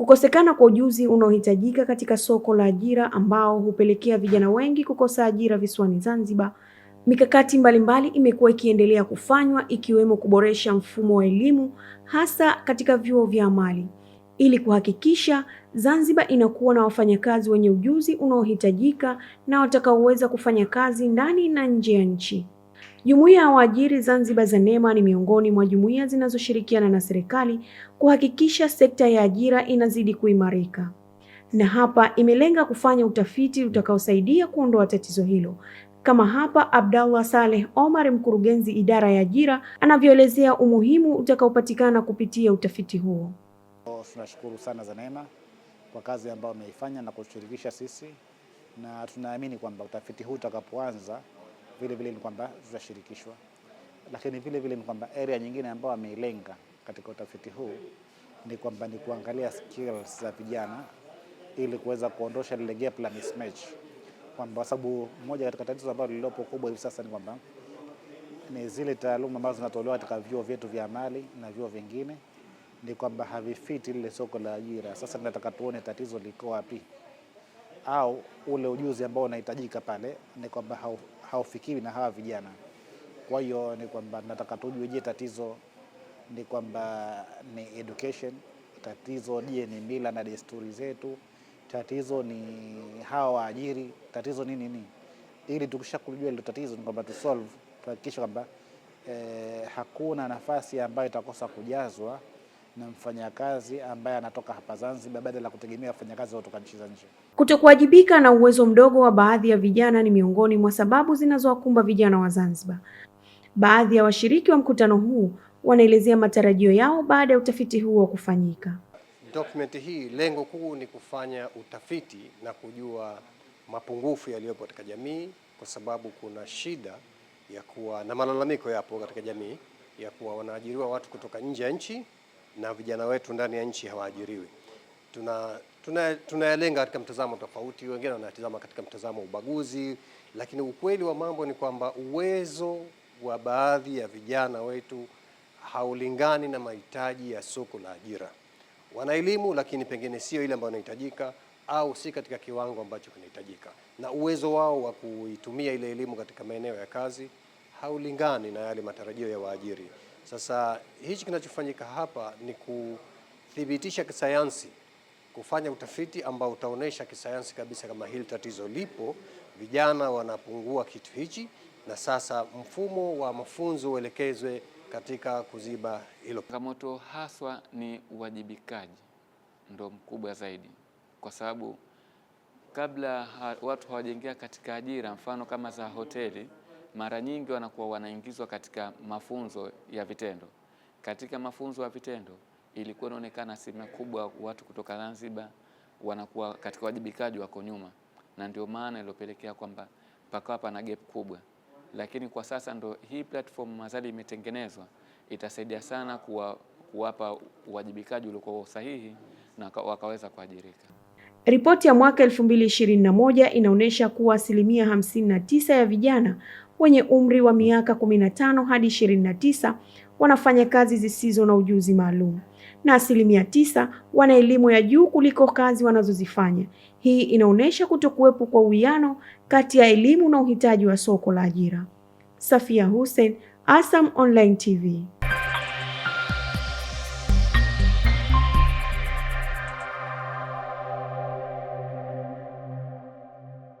Kukosekana kwa ujuzi unaohitajika katika soko la ajira ambao hupelekea vijana wengi kukosa ajira visiwani Zanzibar. Mikakati mbalimbali imekuwa ikiendelea kufanywa ikiwemo kuboresha mfumo wa elimu hasa katika vyuo vya amali ili kuhakikisha Zanzibar inakuwa na wafanyakazi wenye ujuzi unaohitajika na watakaoweza kufanya kazi ndani na nje ya nchi. Jumuiya ya Waajiri Zanzibar ZANEMA ni miongoni mwa jumuiya zinazoshirikiana na serikali kuhakikisha sekta ya ajira inazidi kuimarika, na hapa imelenga kufanya utafiti utakaosaidia kuondoa tatizo hilo, kama hapa Abdallah Saleh Omar, mkurugenzi idara ya ajira, anavyoelezea umuhimu utakaopatikana kupitia utafiti huo. Tunashukuru sana ZANEMA kwa kazi ambayo wameifanya na kushirikisha sisi, na tunaamini kwamba utafiti huu utakapoanza vile vile ni kwamba zitashirikishwa, lakini vile vile ni kwamba area nyingine ambayo ameilenga katika utafiti huu ni kwamba ni kuangalia skills za vijana ili kuweza kuondosha lile gap la mismatch, kwamba sababu moja katika tatizo ambalo lililopo kubwa hivi sasa ni kwamba ni zile taaluma ambazo zinatolewa katika vyuo vyetu vya amali na vyuo vingine ni kwamba havifiti lile soko la ajira. Sasa tunataka tuone tatizo liko wapi, au ule ujuzi ambao unahitajika pale ni kwamba haufikiwi na hawa vijana. Kwa hiyo ni kwamba nataka tujue, je, tatizo ni kwamba ni education? Tatizo je, ni mila na desturi zetu? Tatizo ni hawa waajiri? Tatizo ni nini? Ili tukisha kulijua hilo tatizo, ni kwamba tusolve, tuhakikisha kwamba eh, hakuna nafasi ambayo itakosa kujazwa na mfanyakazi ambaye anatoka hapa Zanzibar badala ya kutegemea wafanyakazi kutoka nchi za nje. Kutokuwajibika na uwezo mdogo wa baadhi ya vijana ni miongoni mwa sababu zinazowakumba vijana wa Zanzibar. Baadhi ya washiriki wa mkutano huu wanaelezea matarajio yao baada ya utafiti huo wa kufanyika. Dokumenti hii lengo kuu ni kufanya utafiti na kujua mapungufu yaliyopo katika jamii, kwa sababu kuna shida ya kuwa na malalamiko yapo katika jamii ya kuwa wanaajiriwa watu kutoka nje ya nchi na vijana wetu ndani ya nchi hawaajiriwi. Tuna tunayalenga katika mtazamo tofauti, wengine wanatazama katika mtazamo wa ubaguzi, lakini ukweli wa mambo ni kwamba uwezo wa baadhi ya vijana wetu haulingani na mahitaji ya soko la ajira. Wana elimu lakini pengine sio ile ambayo inahitajika au si katika kiwango ambacho kinahitajika, na uwezo wao wa kuitumia ile elimu katika maeneo ya kazi haulingani na yale matarajio ya waajiri. Sasa hichi kinachofanyika hapa ni kuthibitisha kisayansi, kufanya utafiti ambao utaonesha kisayansi kabisa kama hili tatizo lipo, vijana wanapungua kitu hichi, na sasa mfumo wa mafunzo uelekezwe katika kuziba hilo. Changamoto haswa ni uwajibikaji ndo mkubwa zaidi, kwa sababu kabla watu hawajengea katika ajira, mfano kama za hoteli mara nyingi wanakuwa wanaingizwa katika mafunzo ya vitendo. Katika mafunzo ya vitendo, ilikuwa inaonekana asilimia kubwa watu kutoka Zanzibar wanakuwa katika wajibikaji wako nyuma, na ndio maana iliyopelekea kwamba pakawa pana gap kubwa, lakini kwa sasa ndo hii platform mazali imetengenezwa, itasaidia sana kuwa, kuwapa uwajibikaji uliokuwa sahihi na wakaweza kuajirika. Ripoti ya mwaka 2021 inaonyesha kuwa asilimia 59 ya vijana wenye umri wa miaka 15 hadi 29 wanafanya kazi zisizo na ujuzi maalum na asilimia tisa wana elimu ya juu kuliko kazi wanazozifanya. Hii inaonyesha kutokuwepo kwa uwiano kati ya elimu na uhitaji wa soko la ajira. Safia Hussein, ASAM Online TV.